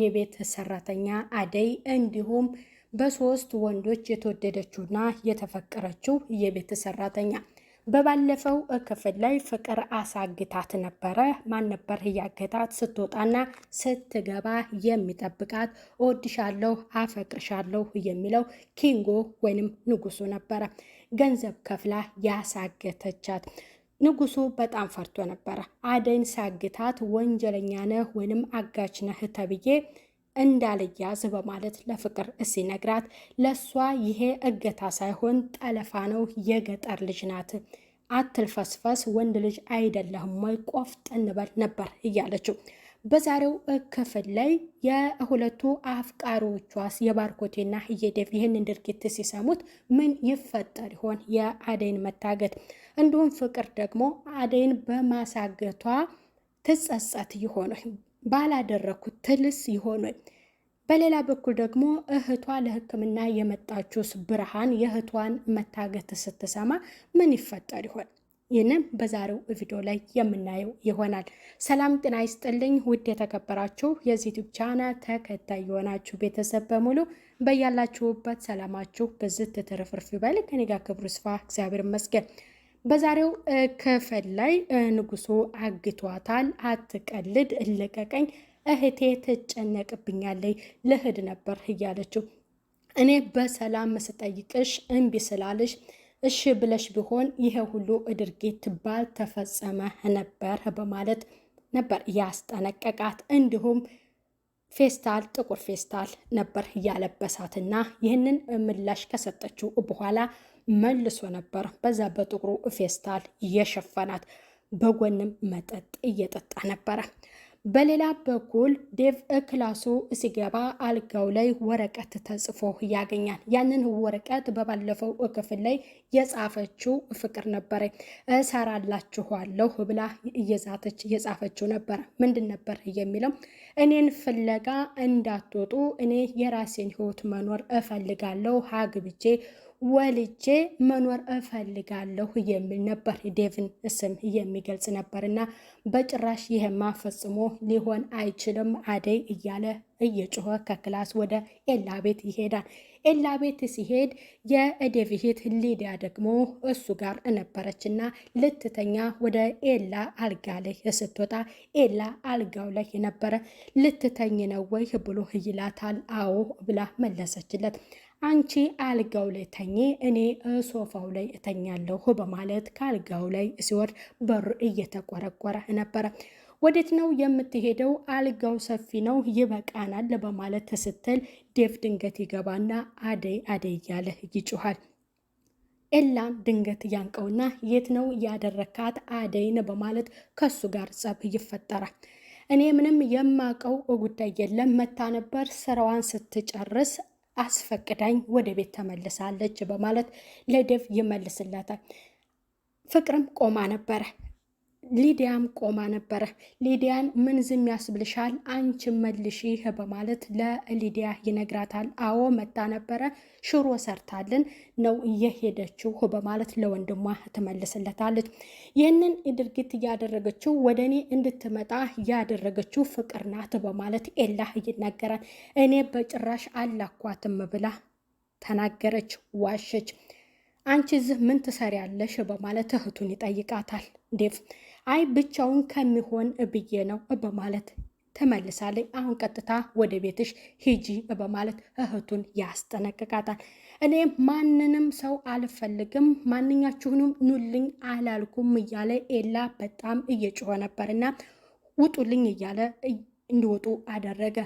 የቤት ሰራተኛ አደይ እንዲሁም በሶስት ወንዶች የተወደደችውና የተፈቀረችው የቤት ሰራተኛ በባለፈው ክፍል ላይ ፍቅር አሳግታት ነበረ። ማን ነበር እያገታት? ስትወጣና ስትገባ የሚጠብቃት እወድሻለሁ፣ አፈቅርሻለሁ የሚለው ኪንጎ ወይንም ንጉሱ ነበረ። ገንዘብ ከፍላ ያሳገተቻት ንጉሱ በጣም ፈርቶ ነበረ። አደይን ሳግታት ወንጀለኛ ነህ ወይንም አጋች ነህ ተብዬ እንዳልያዝ በማለት ለፍቅር ሲነግራት ለእሷ ይሄ እገታ ሳይሆን ጠለፋ ነው፣ የገጠር ልጅ ናት፣ አትልፈስፈስ፣ ወንድ ልጅ አይደለህም ወይ ቆፍጠን በል ነበር እያለችው በዛሬው ክፍል ላይ የሁለቱ አፍቃሪዎቿ የባርኮቴና እየደፍ ይህንን ድርጊት ሲሰሙት ምን ይፈጠር ይሆን? የአደይን መታገት እንዲሁም ፍቅር ደግሞ አደይን በማሳገቷ ትጸጸት ይሆን? ባላደረግኩት ትልስ ይሆን? በሌላ በኩል ደግሞ እህቷ ለሕክምና የመጣችውስ ብርሃን የእህቷን መታገት ስትሰማ ምን ይፈጠር ይሆን? ይህንም በዛሬው ቪዲዮ ላይ የምናየው ይሆናል። ሰላም ጤና ይስጥልኝ ውድ የተከበራችሁ የዚህ ቻናል ተከታይ የሆናችሁ ቤተሰብ በሙሉ በያላችሁበት ሰላማችሁ ብዝት ትርፍርፍ ይበል። ከኔ ጋር ክብሩ ስፋ እግዚአብሔር ይመስገን። በዛሬው ክፍል ላይ ንጉሱ አግቷታል። አትቀልድ፣ እልቀቀኝ፣ እህቴ ትጨነቅብኛለይ፣ ልሂድ ነበር እያለችው እኔ በሰላም ስጠይቅሽ እምቢ ስላለሽ እሺ ብለሽ ቢሆን ይሄ ሁሉ ድርጊት ባልተፈጸመ ነበር በማለት ነበር ያስጠነቀቃት። እንዲሁም ፌስታል ጥቁር ፌስታል ነበር ያለበሳትና ይህንን ምላሽ ከሰጠችው በኋላ መልሶ ነበር በዛ በጥቁሩ ፌስታል የሸፈናት። በጎንም መጠጥ እየጠጣ ነበረ። በሌላ በኩል ዴቭ ክላሱ ሲገባ አልጋው ላይ ወረቀት ተጽፎ ያገኛል። ያንን ወረቀት በባለፈው ክፍል ላይ የጻፈችው ፍቅር ነበረ። እሰራላችኋለሁ ብላ እየዛተች የጻፈችው ነበረ። ምንድን ነበር የሚለው? እኔን ፍለጋ እንዳትወጡ፣ እኔ የራሴን ህይወት መኖር እፈልጋለሁ፣ ሀግብቼ ወልጄ መኖር እፈልጋለሁ የሚል ነበር ዴቭን ስም የሚገልጽ ነበር። እና በጭራሽ ይህማ ፈጽሞ ሊሆን አይችልም አደይ እያለ እየጮኸ ከክላስ ወደ ኤላ ቤት ይሄዳል። ኤላ ቤት ሲሄድ የዴቭ እህት ሊዲያ ደግሞ እሱ ጋር ነበረችና ልትተኛ ወደ ኤላ አልጋ ላይ ስትወጣ ኤላ አልጋው ላይ የነበረ ልትተኝ ነው ወይ ብሎ ይላታል። አዎ ብላ መለሰችለት። አንቺ አልጋው ላይ ተኚ፣ እኔ ሶፋው ላይ እተኛለሁ በማለት ከአልጋው ላይ ሲወርድ በሩ እየተቆረቆረ ነበረ። ወዴት ነው የምትሄደው? አልጋው ሰፊ ነው ይበቃናል በማለት ስትል ዴቭ ድንገት ይገባና አደይ አደይ እያለ ይጮሃል። ኤላም ድንገት ያንቀውና የት ነው ያደረካት አደይን በማለት ከሱ ጋር ጸብ ይፈጠራል። እኔ ምንም የማውቀው ጉዳይ የለም መታ ነበር ስራዋን ስትጨርስ አስፈቅዳኝ ወደ ቤት ተመልሳለች በማለት ለደብ ይመልስላታል። ፍቅርም ቆማ ነበረ። ሊዲያም ቆማ ነበረ። ሊዲያን ምን ዝም ያስብልሻል? መልሽ ይህ በማለት ለሊዲያ ይነግራታል። አዎ መታ ነበረ ሽሮ ሰርታልን ነው እየሄደችው በማለት ለወንድሟ ትመልስለታለች። ይህንን ድርጊት እያደረገችው ወደ እኔ እንድትመጣ ያደረገችው ፍቅር ናት በማለት ኤላ ይናገራል። እኔ በጭራሽ አላኳትም ብላ ተናገረች፣ ዋሸች። አንቺ ዝህ ምን ትሰሪያለሽ? በማለት እህቱን ይጠይቃታል ዴቭ አይ ብቻውን ከሚሆን ብዬ ነው በማለት ተመልሳለኝ አሁን ቀጥታ ወደ ቤትሽ ሂጂ በማለት እህቱን ያስጠነቅቃታል። እኔ ማንንም ሰው አልፈልግም፣ ማንኛችሁንም ኑልኝ አላልኩም እያለ ኤላ በጣም እየጮኸ ነበርና ውጡልኝ እያለ እንዲወጡ አደረገ።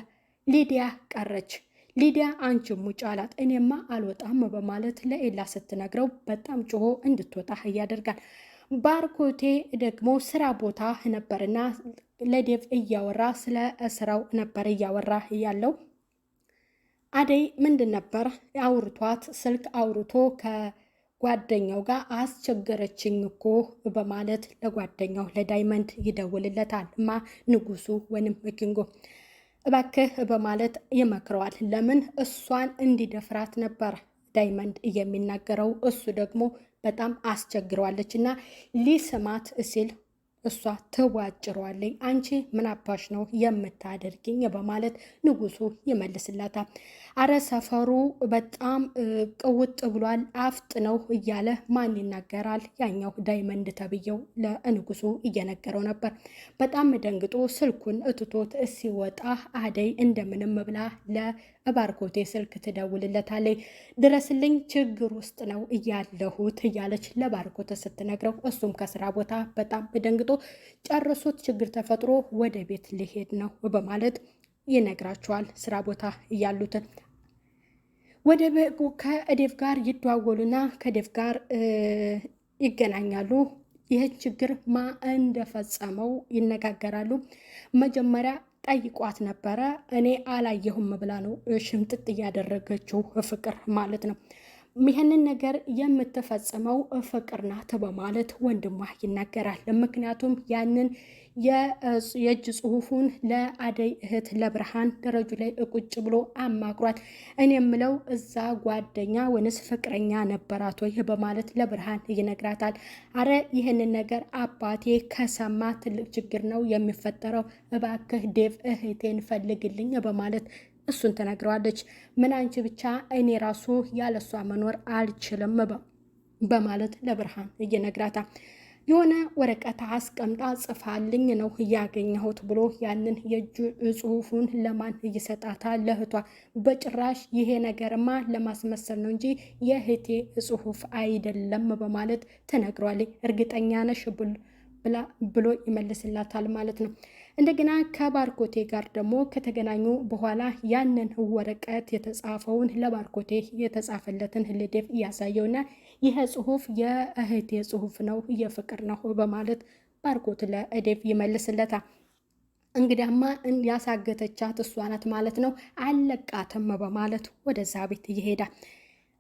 ሊዲያ ቀረች። ሊዲያ አንቺም ውጭ አላት። እኔማ አልወጣም በማለት ለኤላ ስትነግረው በጣም ጮሆ እንድትወጣ እያደርጋል። ባርኮቴ ደግሞ ስራ ቦታ ነበርና ለዴቭ እያወራ ስለ ስራው ነበር እያወራ ያለው። አደይ ምንድን ነበር አውርቷት ስልክ አውርቶ ከጓደኛው ጋር አስቸገረችኝ እኮ በማለት ለጓደኛው ለዳይመንድ ይደውልለታል። ማ ንጉሱ ወይም ኪንጎ እባክህ በማለት ይመክረዋል። ለምን እሷን እንዲደፍራት ነበር ዳይመንድ የሚናገረው እሱ ደግሞ በጣም አስቸግረዋለች እና ሊስማት ሲል እሷ ትዋጭሯለኝ አንቺ ምን አባሽ ነው የምታደርግኝ? በማለት ንጉሱ ይመልስላታል። አረ ሰፈሩ በጣም ቅውጥ ብሏል፣ አፍጥ ነው እያለ ማን ይናገራል? ያኛው ዳይመንድ ተብዬው ለንጉሱ እየነገረው ነበር። በጣም ደንግጦ ስልኩን እትቶት ሲወጣ አደይ እንደምንም ብላ ለባርኮቴ ስልክ ትደውልለታለች። ድረስልኝ ችግር ውስጥ ነው እያለሁት እያለች ለባርኮቴ ስትነግረው እሱም ከስራ ቦታ በጣም ደንግጦ አስመልክቶ ጨርሶት ችግር ተፈጥሮ ወደ ቤት ሊሄድ ነው በማለት ይነግራቸዋል። ስራ ቦታ እያሉትን ወደ ከዴቭ ጋር ይደዋወሉና ከዴፍ ጋር ይገናኛሉ። ይህን ችግር ማ እንደፈጸመው ይነጋገራሉ። መጀመሪያ ጠይቋት ነበረ። እኔ አላየሁም ብላ ነው ሽምጥጥ እያደረገችው ፍቅር ማለት ነው። ይህንን ነገር የምትፈጽመው ፍቅር ናት በማለት ወንድሟ ይናገራል። ምክንያቱም ያንን የእጅ ጽሁፉን ለአደይ እህት ለብርሃን ደረጁ ላይ እቁጭ ብሎ አማክሯት፣ እኔ የምለው እዛ ጓደኛ ወንስ ፍቅረኛ ነበራት ወይ በማለት ለብርሃን ይነግራታል። አረ ይህንን ነገር አባቴ ከሰማ ትልቅ ችግር ነው የሚፈጠረው፣ እባክህ ዴቭ እህቴን ፈልግልኝ በማለት እሱን ተናግረዋለች። ምን አንቺ ብቻ እኔ ራሱ ያለሷ መኖር አልችልም በማለት ለብርሃን እየነግራታ የሆነ ወረቀት አስቀምጣ ጽፋልኝ ነው እያገኘሁት ብሎ ያንን የእጁ ጽሁፉን ለማን እየሰጣታ ለእህቷ። በጭራሽ ይሄ ነገርማ ለማስመሰል ነው እንጂ የእህቴ ጽሁፍ አይደለም በማለት ተነግሯል። እርግጠኛ ነሽ ብል ብላ ብሎ ይመልስላታል ማለት ነው። እንደገና ከባርኮቴ ጋር ደግሞ ከተገናኙ በኋላ ያንን ወረቀት የተጻፈውን ለባርኮቴ የተጻፈለትን ልደፍ እያሳየውና ይህ ጽሁፍ የእህቴ ጽሁፍ ነው የፍቅር ነው በማለት ባርኮት ለእዴፍ ይመልስለታል። እንግዳማ ያሳገተቻት እሷ ናት ማለት ነው፣ አለቃትም በማለት ወደዛ ቤት ይሄዳል።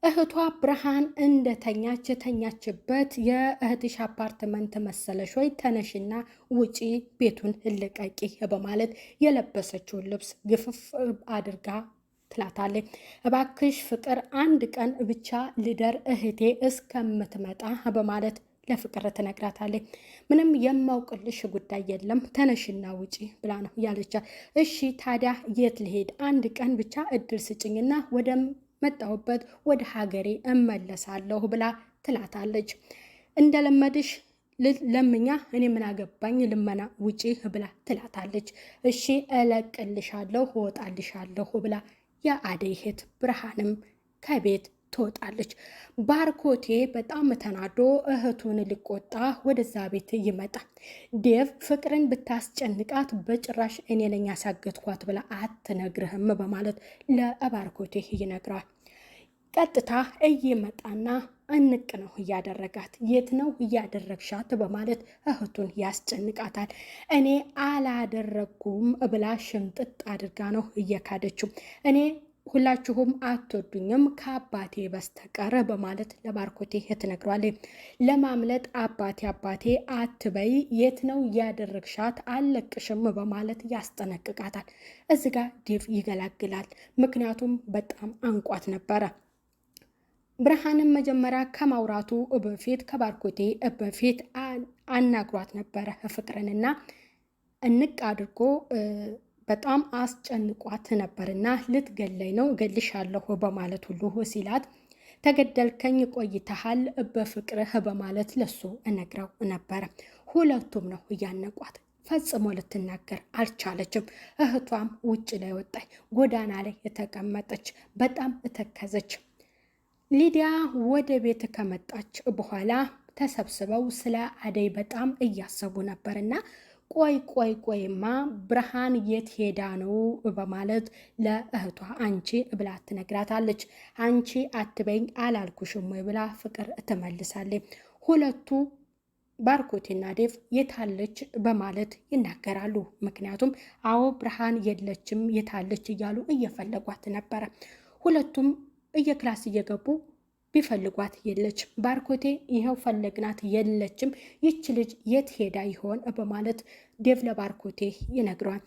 እህቷ ብርሃን እንደተኛች የተኛችበት የእህትሽ አፓርትመንት መሰለሽ ወይ? ተነሽና ውጪ ቤቱን እልቀቂ በማለት የለበሰችውን ልብስ ግፍፍ አድርጋ ትላታለች። እባክሽ ፍቅር አንድ ቀን ብቻ ልደር እህቴ እስከምትመጣ በማለት ለፍቅር ትነግራታለች። ምንም የማውቅልሽ ጉዳይ የለም ተነሽና ውጪ ብላ ነው ያለቻት። እሺ ታዲያ የት ልሄድ? አንድ ቀን ብቻ እድል ስጭኝና ወደም መጣሁበት ወደ ሀገሬ እመለሳለሁ ብላ ትላታለች። እንደለመድሽ ለምኛ እኔ ምን አገባኝ ልመና ውጪ ብላ ትላታለች። እሺ እለቅልሻለሁ እወጣልሻለሁ ብላ የአደይ እህት ብርሃንም ከቤት ትወጣለች። ባርኮቴ በጣም ተናዶ እህቱን ሊቆጣ ወደዛ ቤት ይመጣል። ዴቭ ፍቅርን ብታስጨንቃት በጭራሽ እኔ ነኝ ያሳገትኳት ብላ አትነግርህም በማለት ለባርኮቴ ይነግረዋል። ቀጥታ እየመጣና እንቅ ነው እያደረጋት። የት ነው እያደረግሻት በማለት እህቱን ያስጨንቃታል። እኔ አላደረግኩም ብላ ሽምጥጥ አድርጋ ነው እየካደችው እኔ ሁላችሁም አትወዱኝም ከአባቴ በስተቀር በማለት ለባርኮቴ ትነግሯለች። ለማምለጥ አባቴ አባቴ አትበይ፣ የት ነው ያደረግሻት? አለቅሽም በማለት ያስጠነቅቃታል። እዚ ጋ ዴቭ ይገላግላል። ምክንያቱም በጣም አንቋት ነበረ። ብርሃንም መጀመሪያ ከማውራቱ በፊት ከባርኮቴ በፊት አናግሯት ነበረ ፍቅርንና እንቅ አድርጎ በጣም አስጨንቋት ነበርና ልትገለይ ነው ገልሻለሁ በማለት ሁሉ ሲላት ተገደልከኝ ቆይተሃል በፍቅርህ በማለት ለሱ እነግረው ነበር። ሁለቱም ነው እያነቋት። ፈጽሞ ልትናገር አልቻለችም። እህቷም ውጭ ላይ ወጣች፣ ጎዳና ላይ የተቀመጠች በጣም እተከዘች። ሊዲያ ወደ ቤት ከመጣች በኋላ ተሰብስበው ስለ አደይ በጣም እያሰቡ ነበርና ቆይ ቆይ ቆይማ ብርሃን የት ሄዳ ነው በማለት ለእህቷ አንቺ ብላ ትነግራታለች። አንቺ አትበኝ አላልኩሽም ወይ ብላ ፍቅር ትመልሳለች። ሁለቱ ባርኮቴና ዴቭ የታለች በማለት ይናገራሉ። ምክንያቱም አዎ ብርሃን የለችም የታለች እያሉ እየፈለጓት ነበረ። ሁለቱም እየክላስ እየገቡ ቢፈልጓት የለችም። ባርኮቴ ይኸው ፈለግናት የለችም፣ ይች ልጅ የት ሄዳ ይሆን በማለት ዴቭ ለባርኮቴ ይነግረዋል።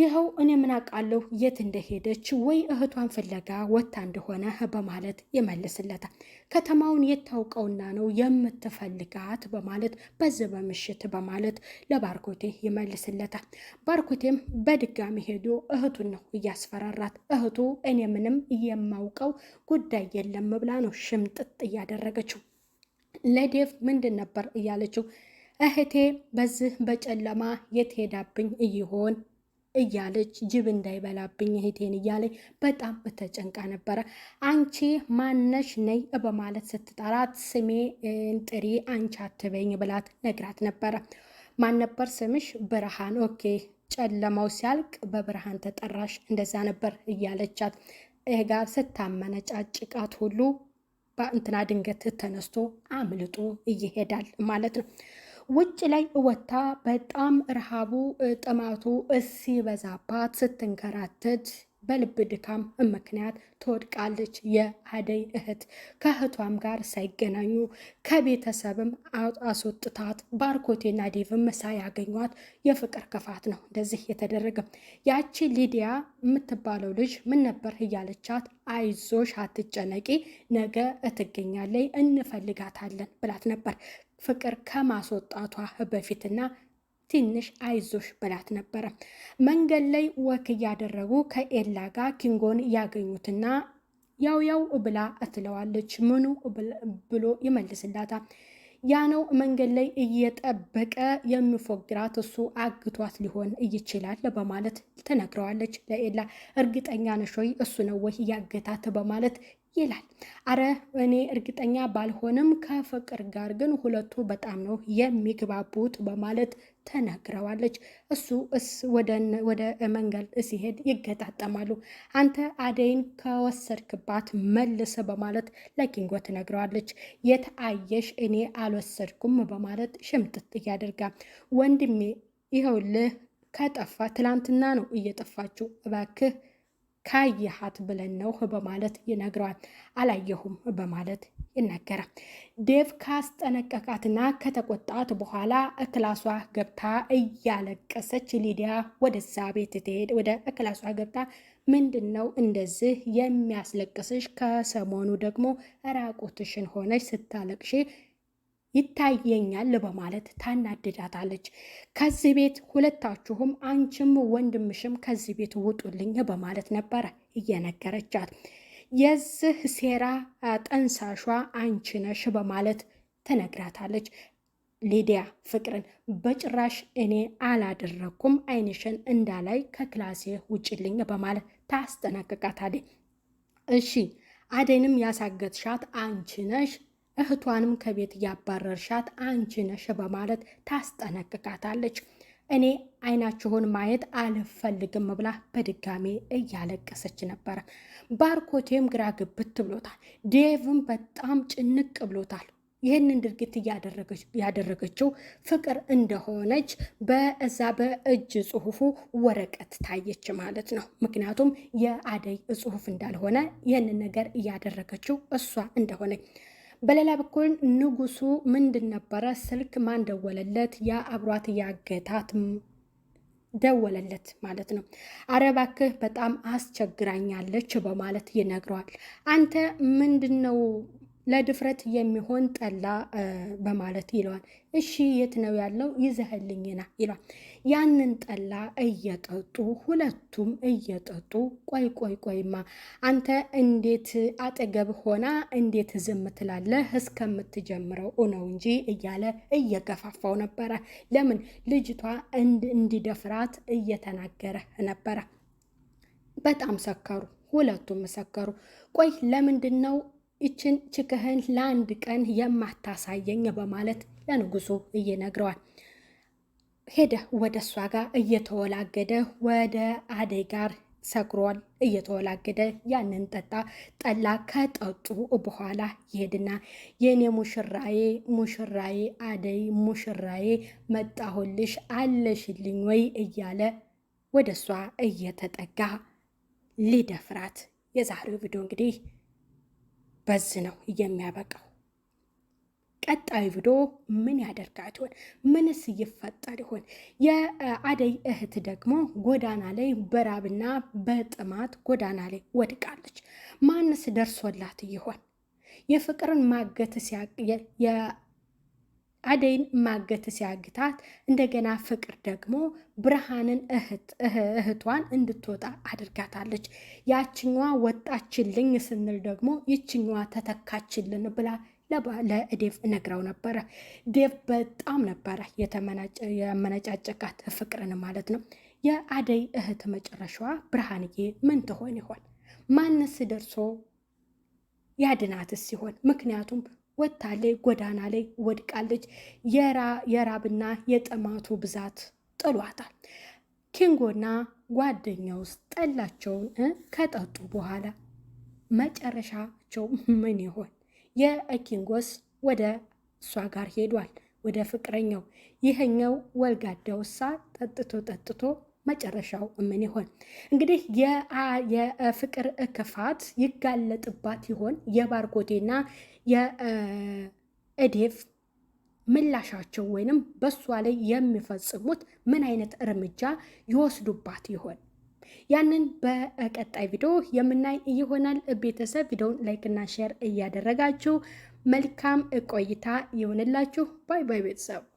ይኸው እኔ ምን አውቃለሁ የት እንደሄደች ወይ እህቷን ፍለጋ ወታ እንደሆነ በማለት ይመልስለታል። ከተማውን የታውቀውና ነው የምትፈልጋት በማለት በዚህ በምሽት በማለት ለባርኮቴ ይመልስለታል። ባርኮቴም በድጋሚ ሄዶ እህቱን ነው እያስፈራራት። እህቱ እኔ ምንም የማውቀው ጉዳይ የለም ብላ ነው ሽምጥጥ እያደረገችው። ለዴቭ ምንድን ነበር እያለችው እህቴ በዚህ በጨለማ የት ሄዳብኝ ይሆን እያለች ጅብ እንዳይበላብኝ እህቴን እያለች በጣም ተጨንቃ ነበረ። አንቺ ማነሽ ነይ በማለት ስትጠራት ስሜን ጥሪ አንቺ አትበኝ ብላት ነግራት ነበረ። ማን ነበር ስምሽ? ብርሃን። ኦኬ ጨለማው ሲያልቅ በብርሃን ተጠራሽ፣ እንደዛ ነበር እያለቻት ጋር ጫጭቃት ሁሉ በእንትና ድንገት ተነስቶ አምልጦ ይሄዳል ማለት ነው። ውጭ ላይ ወጥታ በጣም ረሃቡ ጥማቱ ሲበዛባት ስትንከራተት በልብ ድካም ምክንያት ትወድቃለች። የአደይ እህት ከእህቷም ጋር ሳይገናኙ ከቤተሰብም አስወጥታት ባርኮቴና ዴቭም ሳያገኟት የፍቅር ክፋት ነው እንደዚህ የተደረገ። ያቺ ሊዲያ የምትባለው ልጅ ምን ነበር እያለቻት አይዞሽ፣ አትጨነቂ፣ ነገ እትገኛለይ እንፈልጋታለን ብላት ነበር። ፍቅር ከማስወጣቷ በፊትና ትንሽ አይዞሽ ብላት ነበረ። መንገድ ላይ ወክ እያደረጉ ከኤላ ጋር ኪንጎን ያገኙትና ያው ያው ብላ እትለዋለች። ምኑ ብሎ ይመልስላታል። ያ ነው መንገድ ላይ እየጠበቀ የሚፎግራት እሱ አግቷት ሊሆን ይችላል በማለት ትነግረዋለች ለኤላ። እርግጠኛ ነሽ ወይ እሱ ነው ወይ ያገታት በማለት ይላል። አረ እኔ እርግጠኛ ባልሆንም ከፍቅር ጋር ግን ሁለቱ በጣም ነው የሚግባቡት በማለት ተናግረዋለች። እሱ እስ ወደ መንገድ ሲሄድ ይገጣጠማሉ። አንተ አደይን ከወሰድክባት መልስ በማለት ለኪንጎ ትነግረዋለች። የት አየሽ እኔ አልወሰድኩም በማለት ሽምጥጥ እያደርጋ ወንድሜ ይኸውልህ ከጠፋ ትላንትና ነው እየጠፋችው እባክህ ካየሃት ብለን ነው በማለት ይነግረዋል። አላየሁም በማለት ይናገራል። ዴቭ ካስጠነቀቃትና ከተቆጣት በኋላ እክላሷ ገብታ እያለቀሰች ሊዲያ ወደዛ ቤት ትሄድ ወደ እክላሷ ገብታ ምንድን ነው እንደዚህ የሚያስለቅስሽ? ከሰሞኑ ደግሞ ራቁትሽን ሆነች ስታለቅሽ ይታየኛል በማለት ታናድዳታለች። ከዚህ ቤት ሁለታችሁም አንቺም ወንድምሽም ከዚህ ቤት ውጡልኝ በማለት ነበረ እየነገረቻት የዚህ ሴራ ጠንሳሿ አንቺ ነሽ በማለት ትነግራታለች። ሊዲያ ፍቅርን በጭራሽ እኔ አላደረኩም፣ አይንሽን እንዳላይ ከክላሴ ውጭልኝ በማለት ታስጠነቅቃታለች። እሺ አደይንም ያሳገትሻት አንቺ ነሽ እህቷንም ከቤት እያባረርሻት አንቺ ነሽ በማለት ታስጠነቅቃታለች። እኔ አይናችሁን ማየት አልፈልግም ብላ በድጋሜ እያለቀሰች ነበረ። ባርኮቴም ግራ ግብት ብሎታል። ዴቭም በጣም ጭንቅ ብሎታል። ይህንን ድርጊት ያደረገችው ፍቅር እንደሆነች በዛ በእጅ ጽሁፉ ወረቀት ታየች ማለት ነው። ምክንያቱም የአደይ ጽሁፍ እንዳልሆነ ይህንን ነገር እያደረገችው እሷ እንደሆነች በሌላ በኩል ንጉሱ ምንድን ነበረ ስልክ ማን ደወለለት? ያ አብሯት ያገታት ደወለለት ማለት ነው። አረባክህ በጣም አስቸግራኛለች በማለት ይነግረዋል። አንተ ምንድን ነው ለድፍረት የሚሆን ጠላ በማለት ይለዋል። እሺ የት ነው ያለው? ይዘህልኝና ይለዋል። ያንን ጠላ እየጠጡ ሁለቱም እየጠጡ ቆይ ቆይ ቆይማ አንተ እንዴት አጠገብ ሆና እንዴት ዝም ትላለህ? እስከምትጀምረው ነው እንጂ እያለ እየገፋፋው ነበረ። ለምን ልጅቷ እንዲደፍራት እየተናገረ ነበረ። በጣም ሰከሩ፣ ሁለቱም ሰከሩ። ቆይ ለምንድን ነው ይችን ችክህን ለአንድ ቀን የማታሳየኝ በማለት ለንጉሱ ይነግረዋል። ሄደ ወደ እሷ ጋር እየተወላገደ ወደ አደይ ጋር ሰክሯል እየተወላገደ ያንን ጠጣ ጠላ ከጠጡ በኋላ ይሄድና የእኔ ሙሽራዬ ሙሽራዬ አደይ ሙሽራዬ መጣሁልሽ አለሽልኝ ወይ እያለ ወደ እሷ እየተጠጋ ሊደፍራት የዛሬው ቪዲዮ እንግዲህ በዚህ ነው የሚያበቃው። ቀጣይ ቪዲዮ ምን ያደርጋት ይሆን? ምንስ ይፈጠር ይሆን? የአደይ እህት ደግሞ ጎዳና ላይ በራብና በጥማት ጎዳና ላይ ወድቃለች። ማንስ ደርሶላት ይሆን? የፍቅርን ማገት አደይን ማገት ሲያግታት እንደገና ፍቅር ደግሞ ብርሃንን እህቷን እንድትወጣ አድርጋታለች። ያችኛዋ ወጣችልኝ ስንል ደግሞ ይችኛዋ ተተካችልን ብላ ለዴቭ ነግረው ነበረ። ዴቭ በጣም ነበረ የመነጫጨቃት ፍቅርን ማለት ነው። የአደይ እህት መጨረሻዋ ብርሃንዬ ምን ትሆን ይሆን? ማንስ ደርሶ ያድናትስ ሲሆን ምክንያቱም ወጥታለች፣ ጎዳና ላይ ወድቃለች። የራብና የጥማቱ ብዛት ጥሏታል። ኪንጎና ጓደኛው ውስጥ ጠላቸውን ከጠጡ በኋላ መጨረሻቸው ምን ይሆን? የኪንጎስ ወደ እሷ ጋር ሄዷል፣ ወደ ፍቅረኛው። ይሄኛው ወልጋዳውሳ ጠጥቶ ጠጥቶ መጨረሻው ምን ይሆን? እንግዲህ የፍቅር ክፋት ይጋለጥባት ይሆን? የባርኮቴና የእዴቭ ምላሻቸው ወይንም በእሷ ላይ የሚፈጽሙት ምን አይነት እርምጃ ይወስዱባት ይሆን? ያንን በቀጣይ ቪዲዮ የምናይ ይሆናል። ቤተሰብ ቪዲዮውን ላይክና ሼር እያደረጋችሁ መልካም ቆይታ ይሆንላችሁ። ባይ ባይ ቤተሰብ